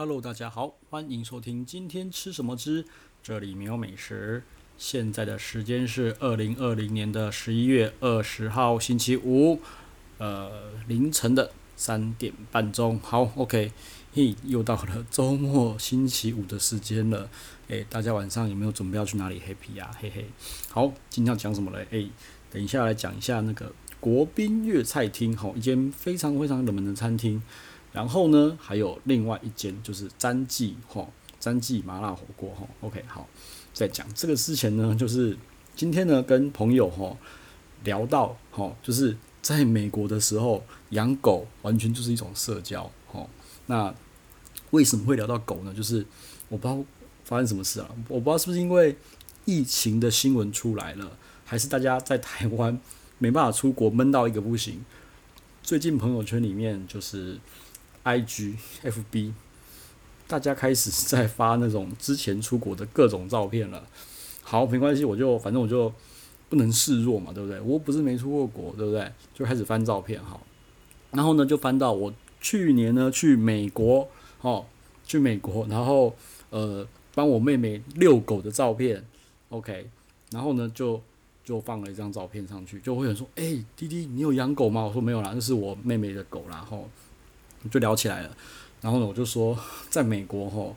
Hello，大家好，歡迎收聽今天吃什麼之。這裡沒有美食。現在的時間是二零二零年的十一月二十號星期五，呃，凌晨的三點半鐘。好，OK，嘿，又到了周末星期五的時間了。誒，大家晚上有沒有準備要去哪裡 happy 呀、啊？嘿嘿，好，今天要講什麼嘞？哎，等一下，來講一下那個國賓粵菜廳，好，一間非常非常冷門的餐廳。然後呢，還有另外一間就是詹記吼，詹、哦、記麻辣火鍋吼、哦。OK，好，再講這個之前呢，就是今天呢跟朋友吼、哦、聊到吼、哦，就是在美國的時候養狗完全就是一種社交吼、哦。那為什麼會聊到狗呢？就是我不知道發生什麼事啊，我不知道是不是因為疫情的新聞出來了，還是大家在台灣沒辦法出國悶到一個不行。最近朋友圈裡面就是。I G F B，大家開始在發那種之前出國的各種照片了。好，沒關係，我就反正我就不能示弱嘛，對不對？我不是沒出過國，對不對？就開始翻照片，好。然後呢，就翻到我去年呢去美國，好，去美國，然後呃，幫我妹妹遛狗的照片，OK。然後呢，就就放了一張照片上去，就會有人說：“誒、欸，弟弟，你有養狗嗎？”我說：“沒有啦，那是我妹妹的狗啦。”然後。就聊起來了，然後呢，我就說在美國齁，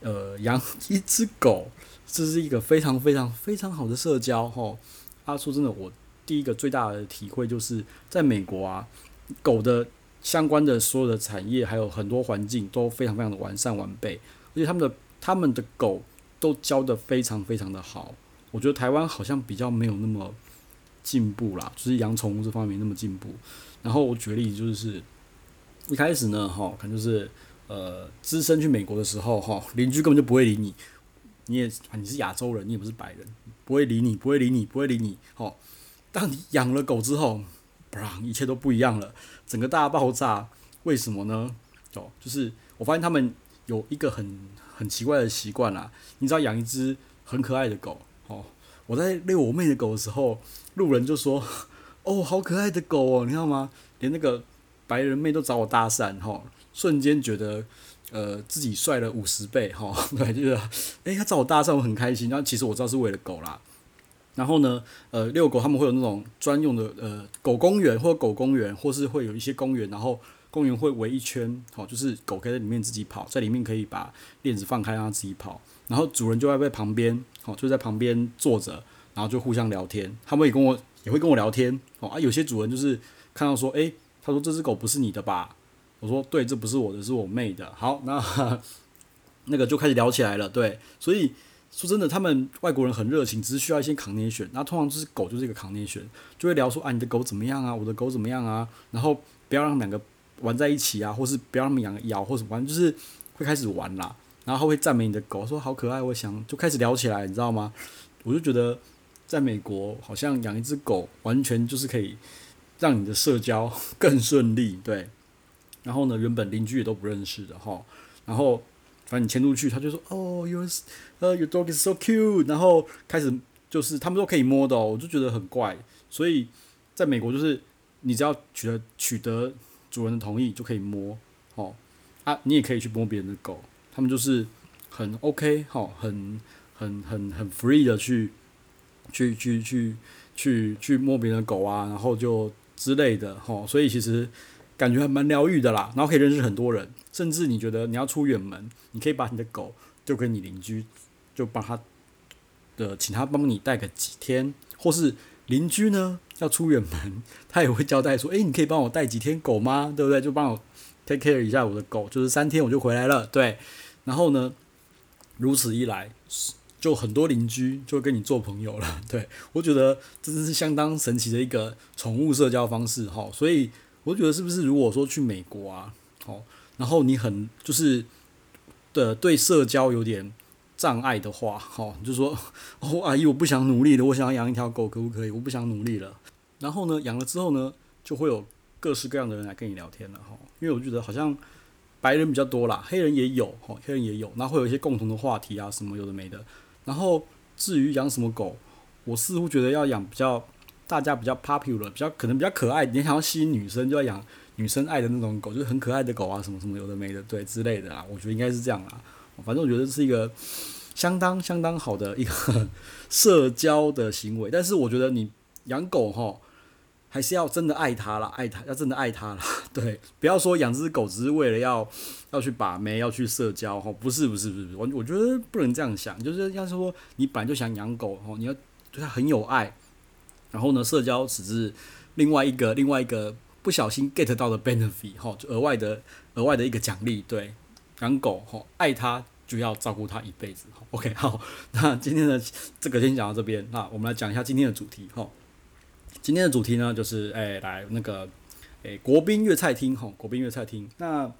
呃，養一隻狗，這是一個非常非常非常好的社交齁。啊，說真的，我第一個最大的體會就是，在美國啊，狗的相關的所有的產業還有很多環境都非常非常的完善完備，而且他們的他們的狗都教得非常非常的好。我覺得台灣好像比較沒有那麼進步啦，就是養寵物這方面沒那麼進步。然後我舉例就是。一開始呢，哈，可能就是，呃，隻身去美國的時候，哈，鄰居根本就不會理你，你也你是亞洲人，你也不是白人，不會理你，不會理你，不會理你，哦，當你養了狗之後，砰，一切都不一樣了，整個大爆炸。為什麼呢？哦，就是我發現他們有一個很很奇怪的習慣啦。你只要養一隻很可愛的狗，哦，我在遛我妹的狗的時候，路人就說，哦，好可愛的狗哦，你知道嗎？連那個。白人妹都找我搭訕，哈，瞬間覺得，呃，自己帥了五十倍，哈、喔，對，就是，誒、欸，他找我搭訕，我很開心。那其實我知道是為了狗啦。然後呢，呃，遛狗他們會有那種專用的，呃，狗公園或狗公園，或是會有一些公園，然後公園會圍一圈，吼、喔、就是狗可以在裡面自己跑，在裡面可以把鏈子放開讓它自己跑，然後主人就在在旁邊，好、喔，就在旁邊坐着，然後就互相聊天。他們也跟我也會跟我聊天，哦、喔、啊，有些主人就是看到說，誒、欸。他說：“這只狗不是你的吧？”我說：“對，這不是我的，是我妹的。”好，那那個就開始聊起來了。對，所以說真的，他們外國人很熱情，只是需要一些 conversation。那通常就是狗就是一個 conversation，就會聊說：“啊，你的狗怎麼樣啊？我的狗怎麼樣啊？”然後不要讓兩個玩在一起啊，或是不要讓它們養咬或者什麼玩，就是會開始玩啦。然後會讚美你的狗，說好可愛。我想就開始聊起來，你知道嗎？我就覺得在美國，好像養一只狗完全就是可以。讓你的社交更順利，對。然後呢，原本鄰居也都不認識的哈，哦。然後，反正你牽出去，他就說：“哦，oh，your，呃，uh，your dog is so cute。”然後開始就是他們都可以摸的，哦，我就覺得很怪。所以在美國，就是你只要取得取得主人的同意就可以摸，好，哦，啊，你也可以去摸別人的狗，他們就是很 OK，好，哦，很很很很 free 的去去去去去去摸別人的狗啊，然後就。之類的吼，所以其實感覺還蠻療癒的啦，然後可以認識很多人，甚至你覺得你要出遠門，你可以把你的狗丟給你鄰居，就幫他的，呃、請他幫你帶個幾天，或是鄰居呢要出遠門，他也會交代說，誒、欸，你可以幫我帶幾天狗嗎？對不對？就幫我 take care 一下我的狗，就是三天我就回來了，對，然後呢，如此一來。就很多鄰居就跟你做朋友了，對，我覺得這是相當神奇的一個寵物社交方式哈，所以我覺得是不是如果說去美國啊，好，然後你很就是的對社交有點障礙的話，好，就說哦阿姨我不想努力了，我想要養一條狗可不可以？我不想努力了，然後呢養了之後呢，就會有各式各樣的人來跟你聊天了哈，因為我覺得好像白人比較多啦，黑人也有哈，黑人也有，那會有一些共同的話題啊，什麼有的沒的。然後至於養什麼狗，我似乎覺得要養比較大家比較 popular、比較可能比較可愛，你想要吸引女生就要養女生愛的那種狗，就是很可愛的狗啊，什麼什麼有的沒的，對之類的啦。我覺得應該是這樣啦。反正我覺得這是一個相當相當好的一個呵呵社交的行為。但是我覺得你養狗吼。還是要真的愛它啦，愛它要真的愛它啦，對，不要說養隻狗只是為了要要去把妹要去社交哈，不是不是不是，我我覺得不能這樣想，就是要是說你本來就想養狗哈，你要對它很有愛，然後呢，社交只是另外一個另外一個不小心 get 到的 benefit 哈，就額外的額外的一個獎勵。對，養狗哈，愛它就要照顧它一輩子，OK 好，那今天的這個先講到這邊，那我們來講一下今天的主題哈。今天的主題呢，就是誒、欸、來那個誒國賓粵菜廳吼，國賓粵菜廳、喔。那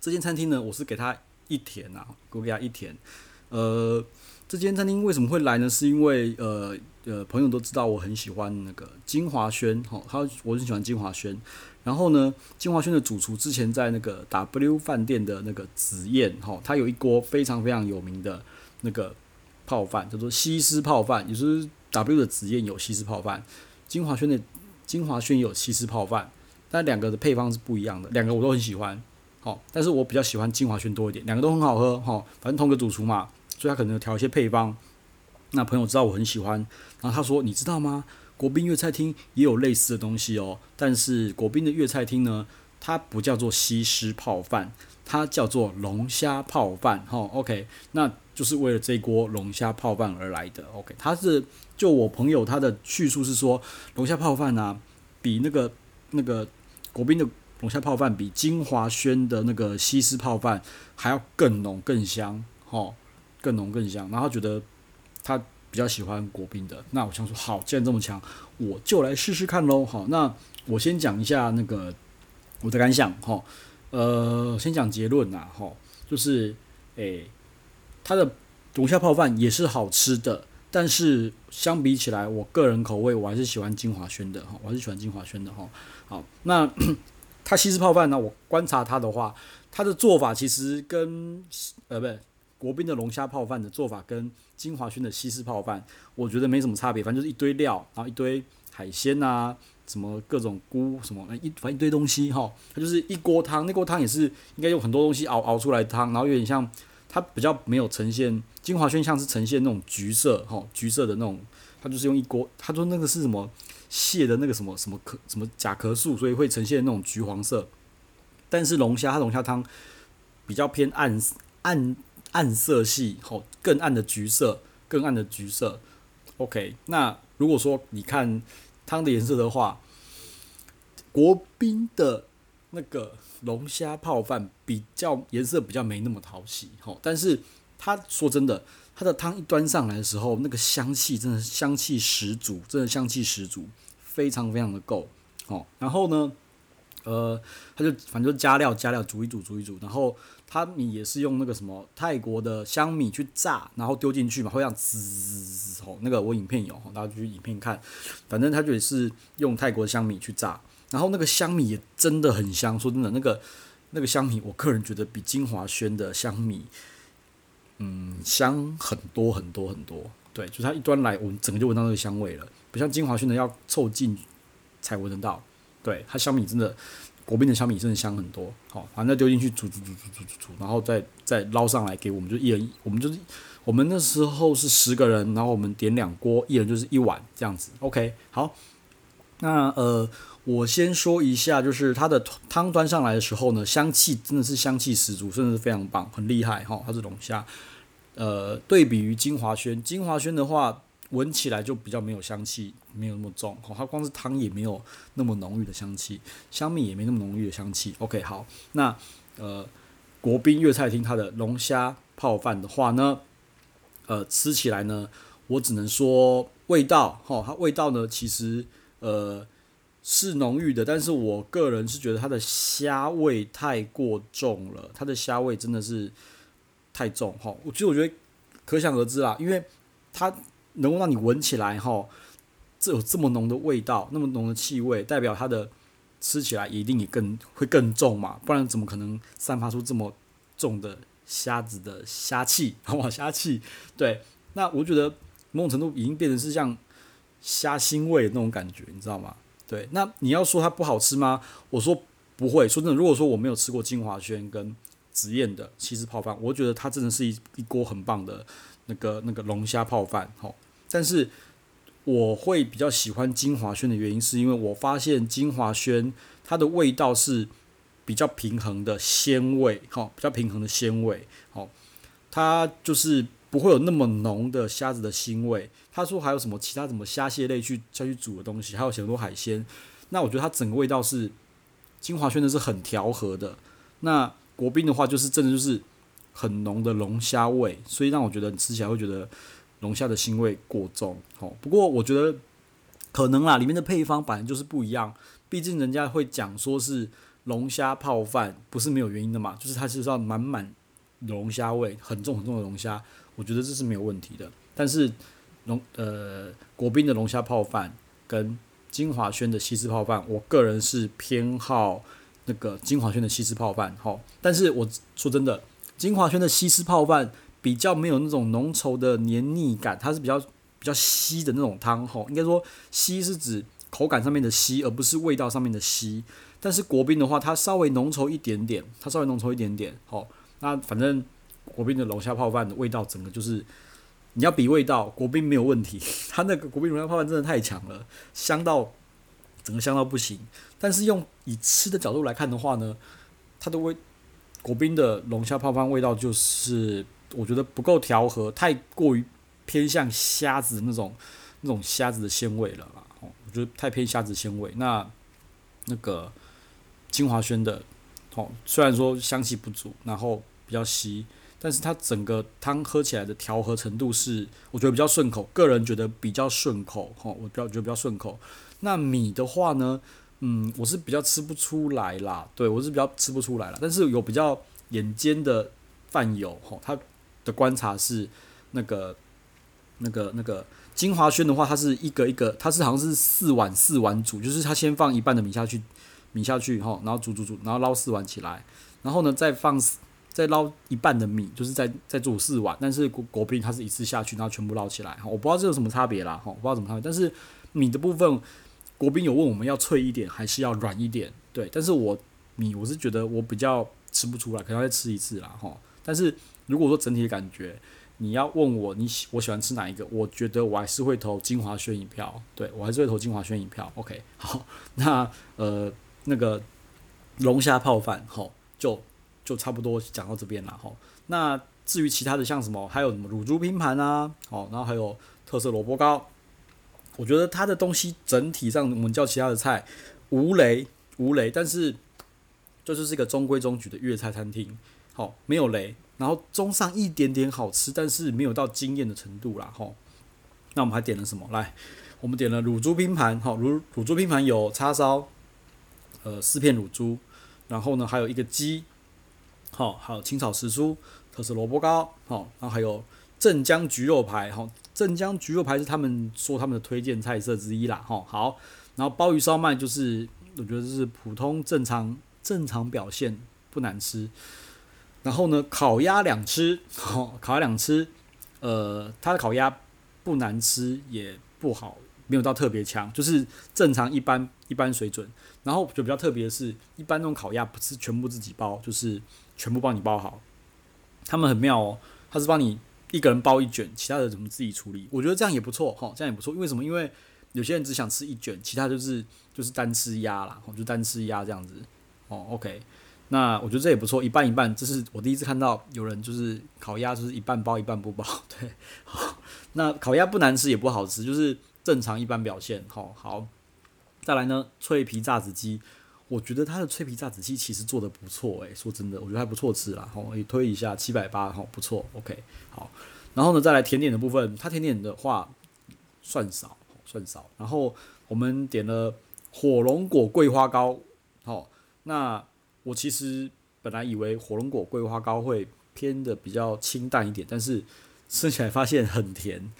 這間餐廳呢，我是給他一甜啊，給我給他一甜。呃，這間餐廳為什麼會來呢？是因為呃呃，朋友都知道我很喜歡那個金華軒吼，他我很喜歡金華軒。然後呢，金華軒的主廚之前在那個 W 飯店的那個紫燕吼、喔，他有一鍋非常非常有名的那個泡飯，叫做西施泡飯。也就是 W 的紫燕有西施泡飯。晶華軒的晶華軒有西施泡飯，但兩個的配方是不一樣的。兩個我都很喜歡，哦，但是我比較喜歡晶華軒多一點。兩個都很好喝，哈、哦，反正同個主廚嘛，所以他可能有調一些配方。那朋友知道我很喜歡，然後他說：“你知道嗎？國賓粵菜廳也有類似的東西哦，但是國賓的粵菜廳呢？”它不叫做西施泡飯，它叫做龍蝦泡飯。哈，OK，那就是為了這一鍋龍蝦泡飯而來的。OK，它是就我朋友他的敘述是說，龍蝦泡飯啊，比那個那個國賓的龍蝦泡飯，比金華軒的那個西施泡飯還要更濃更香。哦，更濃更香，然後他覺得他比較喜歡國賓的。那我想說，好，既然這麼強，我就來試試看嘍。好，那我先講一下那個。我的感想哈、哦，呃，先講結論啦。哈，就是，誒、欸，它的龍蝦泡飯也是好吃的，但是相比起來，我個人口味我還是喜歡金華軒的哈，我還是喜歡金華軒的哈。好，那它西式泡飯呢？我觀察它的話，它的做法其實跟呃，不是，國賓的龍蝦泡飯的做法跟金華軒的西式泡飯，我覺得沒什麼差別，反正就是一堆料，然後一堆海鮮吶、啊。什麼各種菇什麼一反正一堆東西哈，它就是一鍋湯，那鍋湯也是應該用很多東西熬熬出來的湯，然後有點像它比較沒有呈現精華圈，像是呈現的那種橘色哈，橘色的那種，它就是用一鍋，它說那個是什麼蟹的那個什麼什麼殼什麼甲殼素，所以會呈現的那種橘黃色。但是龍蝦它龍蝦湯比較偏暗暗暗色系，好更暗的橘色，更暗的橘色。OK，那如果說你看。湯的顏色的話，國賓的那個龍蝦泡飯比較顏色比較沒那麼討喜哦。但是他說真的，他的湯一端上來的時候，那個香氣真的香氣十足，真的香氣十足，非常非常的夠哦。然後呢？呃，他就反正就加料加料煮一煮煮一煮，然後他米也是用那個什麼泰國的香米去炸，然後丟進去嘛，會像滋滋滋吼，那個我影片有，大家就去影片看。反正他就也是用泰國的香米去炸，然後那個香米也真的很香，說真的，那個那個香米，我個人覺得比金華軒的香米，嗯，香很多很多很多。對，就是他一端來聞，我整個就聞到那個香味了，不像金華軒的要湊近才聞得到。對，它小米真的，國賓的小米真的香很多。好，反正丟進去煮煮煮煮煮煮煮，然後再再撈上來給我們，就一人我們就是我們那時候是十個人，然後我們點兩鍋，一人就是一碗這樣子。OK，好。那呃，我先說一下，就是它的湯端上來的時候呢，香氣真的是香氣十足，真的是非常棒，很厲害哈、哦。它是龍蝦，呃，對比於金華軒，金華軒的話。聞起來就比較沒有香氣，沒有那麼重。哈、哦，它光是湯也沒有那麼濃郁的香氣，香米也沒那麼濃郁的香氣。OK，好，那呃，國賓粵菜廳它的龍蝦泡飯的話呢，呃，吃起來呢，我只能說味道，哈、哦，它味道呢其實呃是濃郁的，但是我個人是覺得它的蝦味太過重了，它的蝦味真的是太重，哈、哦。我其實我覺得可想而知啦，因為它。能夠讓你聞起來，吼，這有這麼濃的味道，那麼濃的氣味，代表它的吃起來一定也更會更重嘛，不然怎麼可能散發出這麼重的蝦子的蝦氣，哇，蝦氣！對，那我覺得某種程度已經變成是像蝦腥味的那種感覺，你知道嗎？對，那你要說它不好吃嗎？我說不會，說真的，如果說我沒有吃過金華軒跟紫艷的西施泡飯，我覺得它真的是一一鍋很棒的那個那個龍蝦泡飯，吼。但是我會比較喜歡晶華軒的原因，是因為我發現晶華軒它的味道是比較平衡的鮮味，哈，比較平衡的鮮味，好，它就是不會有那麼濃的蝦子的腥味。他說還有什麼其他什麼蝦蟹類去再去煮的東西，還有很多海鮮。那我覺得它整個味道是晶華軒的是很調和的。那國賓的話，就是真的就是很濃的龍蝦味，所以讓我覺得你吃起來會覺得。龍蝦的腥味過重，不過我覺得可能啊，裡面的配方本來就是不一樣，畢竟人家會講說是龍蝦泡飯不是沒有原因的嘛，就是它就是說滿滿龍蝦味，很重很重的龍蝦，我覺得這是沒有問題的。但是龍呃國賓的龍蝦泡飯跟金華軒的西施泡飯，我個人是偏好那個金華軒的西施泡飯，好，但是我說真的，金華軒的西施泡飯。比較沒有那種濃稠的黏膩感，它是比較比較稀的那種湯吼，應該說稀是指口感上面的稀，而不是味道上面的稀。但是國賓的話，它稍微濃稠一點點，它稍微濃稠一點點，吼，那反正國賓的龍蝦泡飯的味道，整個就是你要比味道，國賓沒有問題，呵呵，它那個國賓龍蝦泡飯真的太強了，香到整個香到不行。但是用以吃的角度來看的話呢，它的味國賓的龍蝦泡飯味道就是。我覺得不夠調和，太過於偏向蝦子那種那種蝦子的鮮味了啦。哦，我覺得太偏蝦子鮮味。那那個金華軒的，哦，雖然說香氣不足，然後比較稀，但是它整個湯喝起來的調和程度是，我覺得比較順口。個人覺得比較順口，哦，我比較覺得比較順口。那米的話呢，嗯，我是比較吃不出來啦。對，我是比較吃不出來啦，但是有比較眼尖的飯友，哦，他。的觀察是，那個、那個、那個金華軒的話，它是一個一個，它是好像是四碗四碗煮，就是它先放一半的米下去，米下去後，然後煮煮煮，然後撈四碗起來，然後呢再放再撈一半的米，就是再再煮四碗。但是國國賓它是一次下去，然後全部撈起來哈。我不知道這有什麼差別啦哈，我不知道怎麼差別。但是米的部分，國賓有問我們要脆一點還是要軟一點？對，但是我米我是覺得我比較吃不出來，可能要再吃一次啦哈。但是。如果說整體的感覺，你要問我你喜我喜歡吃哪一個，我覺得我還是會投晶華軒一票。對我還是會投晶華軒一票。OK，好，那呃那個龍蝦泡飯，吼，就就差不多講到這邊了，吼。那至於其他的像什麼，還有什麼乳豬拼盤啊，哦，然後還有特色蘿蔔糕，我覺得它的東西整體上我們叫其他的菜無雷無雷，但是就就是一個中規中矩的粵菜餐廳，好，沒有雷。然後中上一點點好吃，但是沒有到驚艷的程度啦。吼、哦，那我們還點了什麼？來，我們點了乳豬拼盤。哈、哦，乳乳豬拼盤有叉燒，呃，四片乳豬，然後呢還有一個雞，好、哦，還有清炒時蔬，特色蘿蔔糕，好、哦，然後還有鎮江焗肉排。哈、哦，鎮江焗肉排是他們說他們的推薦菜色之一啦。哈、哦，好，然後鮑魚燒賣就是我覺得是普通正常正常表現，不難吃。然後呢，烤鴨兩吃，哦，烤鴨兩吃，呃，它的烤鴨不難吃，也不好，沒有到特別強，就是正常一般一般水準。然後就比較特別的是，一般那種烤鴨不是全部自己包，就是全部幫你包好。他們很妙哦，他是幫你一個人包一卷，其他的怎麼自己處理？我覺得這樣也不錯，哈，哦，這樣也不錯。因為什麼？因為有些人只想吃一卷，其他就是就是單吃鴨啦，哦，就單吃鴨這樣子，哦，OK。那我覺得這也不錯，一半一半。這是我第一次看到有人就是烤鴨，就是一半包一半不包，對。好，那烤鴨不難吃也不好吃，就是正常一般表現。好，好，再來呢，脆皮炸子雞，我覺得它的脆皮炸子雞其實做得不錯，誒，說真的，我覺得還不錯吃啦。好，也推一下七百八，80, 好，不錯，OK。好，然後呢，再來甜點的部分，它甜點的話算少，算少。然後我們點了火龍果桂花糕，好，那。我其實本來以為火龍果桂花糕會偏的比較清淡一點，但是吃起來發現很甜。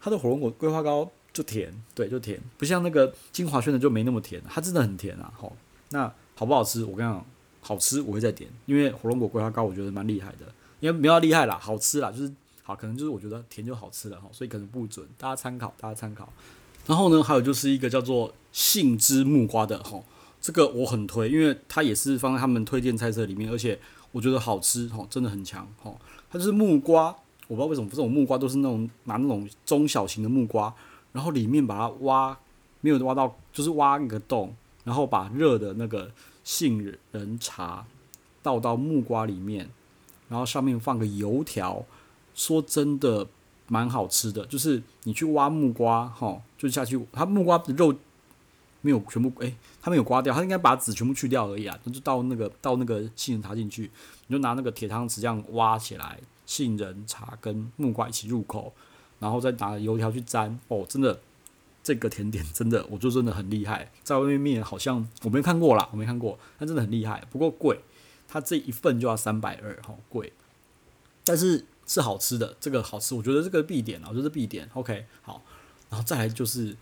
它的火龍果桂花糕就甜，對，就甜，不像那個精華軒的就沒那麼甜。它真的很甜啊！好，那好不好吃？我跟你講，好吃我會再點，因為火龍果桂花糕我覺得蠻厲害的，因為沒有厲害啦，好吃啦，就是好，可能就是我覺得甜就好吃了，哈，所以可能不準，大家參考，大家參考。然後呢，還有就是一個叫做杏汁木瓜的，吼這個我很推，因為它也是放在他們推薦菜色裡面，而且我覺得好吃哦，真的很強哦。它就是木瓜，我不知道為什麼這種木瓜都是那種拿那種中小型的木瓜，然後裡面把它挖，沒有挖到就是挖一個洞，然後把熱的那個杏仁茶倒到木瓜裡面，然後上面放個油條，說真的蠻好吃的，就是你去挖木瓜哈、哦，就下去它木瓜的肉。沒有全部誒，它、欸、沒有刮掉，它應該把籽全部去掉而已啊。那就到那個到那個杏仁茶進去，你就拿那個鐵湯匙這樣挖起來，杏仁茶跟木瓜一起入口，然後再拿油條去沾。哦，真的，這個甜點真的，我就真的很厲害。在外面面好像我沒看過啦，我沒看過，但真的很厲害。不過貴，它這一份就要三百二，好貴。但是是好吃的，這個好吃，我覺得這個必點啊，就是必點。OK，好，然後再來就是。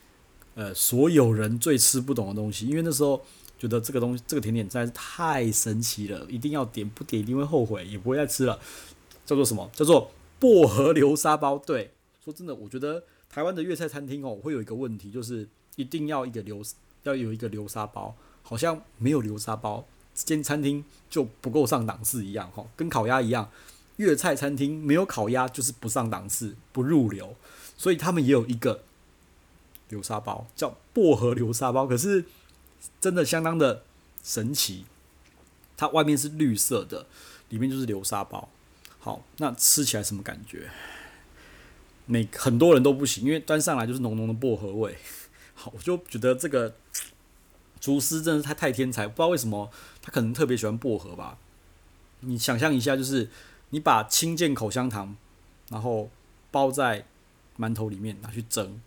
呃，所有人最吃不懂的東西，因為那時候覺得這個東西，這個甜點實在是太神奇了，一定要點，不點一定會後悔，也不會再吃了。叫做什麼？叫做薄荷流沙包。對，說真的，我覺得台灣的粵菜餐廳哦、喔，會有一個問題，就是一定要一個流，要有一個流沙包，好像沒有流沙包，這間餐廳就不夠上檔次一樣、喔。哈，跟烤鴨一樣，粵菜餐廳沒有烤鴨就是不上檔次，不入流。所以他們也有一個。流沙包叫薄荷流沙包，可是真的相當的神奇。它外面是綠色的，裡面就是流沙包。好，那吃起來什麼感覺？每很多人都不行，因為端上來就是濃濃的薄荷味。好，我就覺得這個廚師真的是太太天才，不知道為什麼他可能特別喜歡薄荷吧。你想象一下，就是你把青箭口香糖，然後包在饅頭裡面，拿去蒸。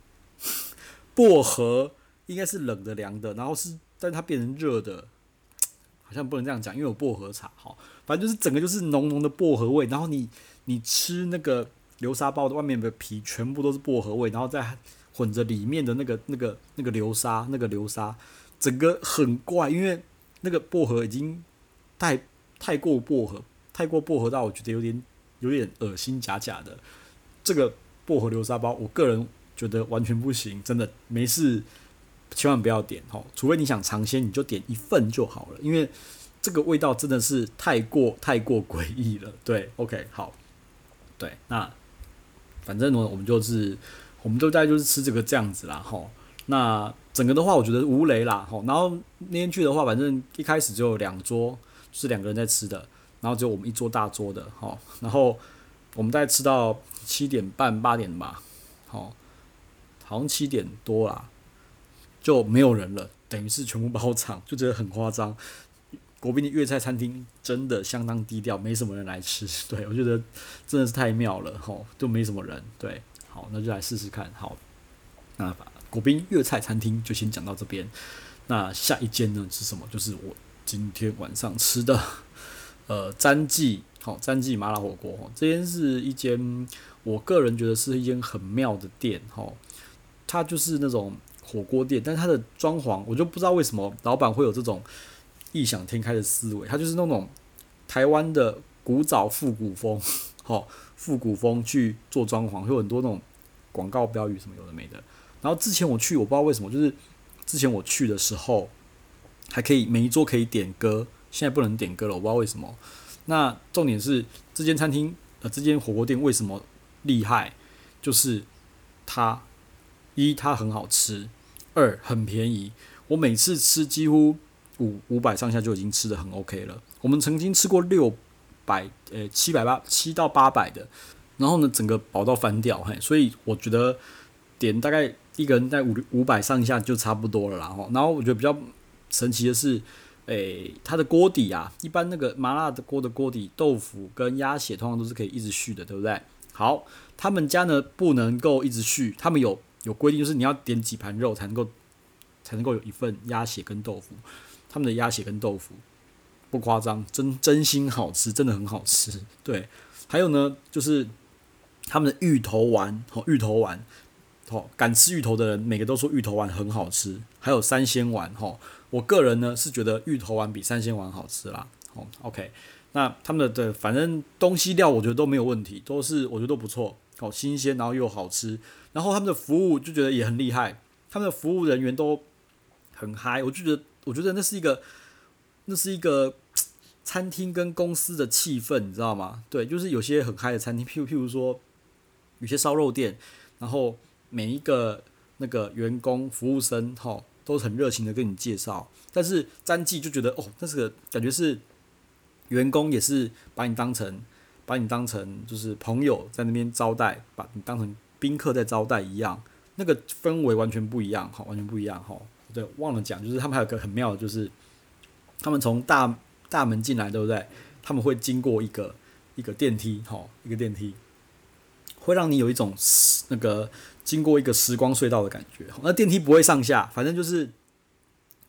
薄荷應該是冷的涼的，然後是，但是它變成熱的，好像不能這樣講，因為有薄荷茶哈、喔。反正就是整個就是濃濃的薄荷味，然後你你吃那個流沙包的外面的皮，全部都是薄荷味，然後再混着裡面的那個那個那個流沙，那個流沙，整個很怪，因為那個薄荷已經太太過薄荷，太過薄荷到我覺得有點有點噁心，假假的。這個薄荷流沙包，我個人。覺得完全不行，真的沒事，千萬不要點哦，除非你想嘗鮮，你就點一份就好了。因為這個味道真的是太過太過詭異了。對，OK，好，對，那反正呢，我們就是，我們就在就是吃這個這樣子啦吼、哦。那整個的話，我覺得無雷啦吼、哦。然後那天去的話，反正一開始只有兩桌、就是兩個人在吃的，然後只有我們一桌大桌的吼、哦。然後我們大概吃到七點半八點吧，好、哦。好像七點多啦，就沒有人了，等於是全部包場，就覺得很誇張。國賓的粵菜餐廳真的相當低調，沒什麼人來吃。對我覺得真的是太妙了吼，就沒什麼人。對，好，那就來試試看。好，那把國賓粵菜餐廳就先講到這邊。那下一間呢是什麼？就是我今天晚上吃的，呃，詹記好，詹記麻辣火鍋。這間是一間，我個人覺得是一間很妙的店吼。齁它就是那種火鍋店，但是它的裝潢，我就不知道為什麼老闆會有這種異想天開的思維。它就是那種台灣的古早復古風，哈、哦，復古風去做裝潢，會有很多那種廣告標語什麼有的沒的。然後之前我去，我不知道為什麼，就是之前我去的時候還可以，每一桌可以點歌，現在不能點歌了，我不知道為什麼。那重點是這間餐廳，呃，這間火鍋店為什麼厲害？就是它。一，它很好吃；二，很便宜。我每次吃幾乎五五百上下就已經吃得很 OK 了。我們曾經吃過六百、欸、呃七百八七到八百的，然後呢，整個飽到翻掉，嘿。所以我覺得點大概一個人在五五百上下就差不多了，然後，然後我覺得比較神奇的是，誒、欸，它的鍋底啊，一般那個麻辣的鍋的鍋底，豆腐跟鴨血通常都是可以一直續的，對不對？好，他們家呢不能夠一直續，他們有。有規定，就是你要點幾盤肉才能夠才能夠有一份鴨血跟豆腐。他們的鴨血跟豆腐不誇張，真真心好吃，真的很好吃。對，還有呢，就是他們的芋頭丸，哦，芋頭丸，哦，敢吃芋頭的人，每個都說芋頭丸很好吃。還有三鮮丸，吼，哦，我個人呢是覺得芋頭丸比三鮮丸好吃啦。哦，OK，那他們的，對，反正東西料我覺得都沒有問題，都是我覺得都不錯。好新鮮，然後又好吃，然後他們的服務就覺得也很厲害，他們的服務人員都很嗨，我就覺得，我覺得那是一個，那是一個餐廳跟公司的氣氛，你知道嗎？對，就是有些很嗨的餐廳，譬如譬如說有些燒肉店，然後每一個那個員工服務生吼都很熱情的跟你介紹，但是詹記就覺得哦，那是個感覺是員工也是把你當成。把你當成就是朋友在那邊招待，把你當成賓客在招待一樣，那個氛圍完全不一樣哈，完全不一樣哈。對，忘了講，就是他們還有個很妙的，就是他們從大大門進來，對不對？他們會經過一個一個電梯哈，一個電梯，會讓你有一種那個經過一個時光隧道的感覺。那電梯不會上下，反正就是，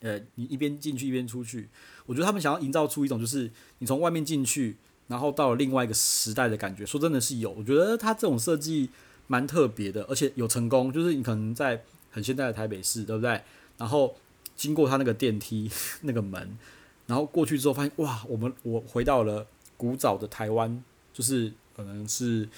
呃，你一邊進去一邊出去。我覺得他們想要營造出一種，就是你從外面進去。然後到了另外一個時代的感覺，說真的是有，我覺得它這種設計蠻特別的，而且有成功，就是你可能在很現代的台北市，對不對？然後經過它那個電梯那個門，然後過去之後發現，哇，我們我回到了古早的台灣，就是可能是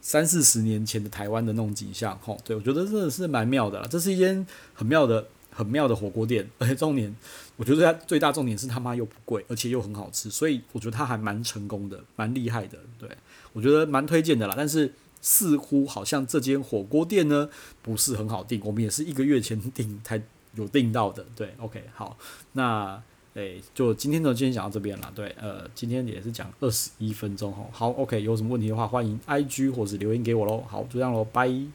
三四十年前的台灣的那種景象，吼，對，我覺得真的是蠻妙的啦。這是一間很妙的。很妙的火鍋店，而且重點，我覺得它最大重點是他媽又不貴，而且又很好吃，所以我覺得它還蠻成功的，蠻厲害的，對我覺得蠻推薦的啦。但是似乎好像這間火鍋店呢不是很好訂，我們也是一個月前訂才有訂到的。對，OK，好，那誒、欸，就今天的今天講到這邊了，對，呃，今天也是講二十一分鐘。好，OK，有什麼問題的話，歡迎 IG 或者是留言給我嘍。好，就這樣嘍，拜。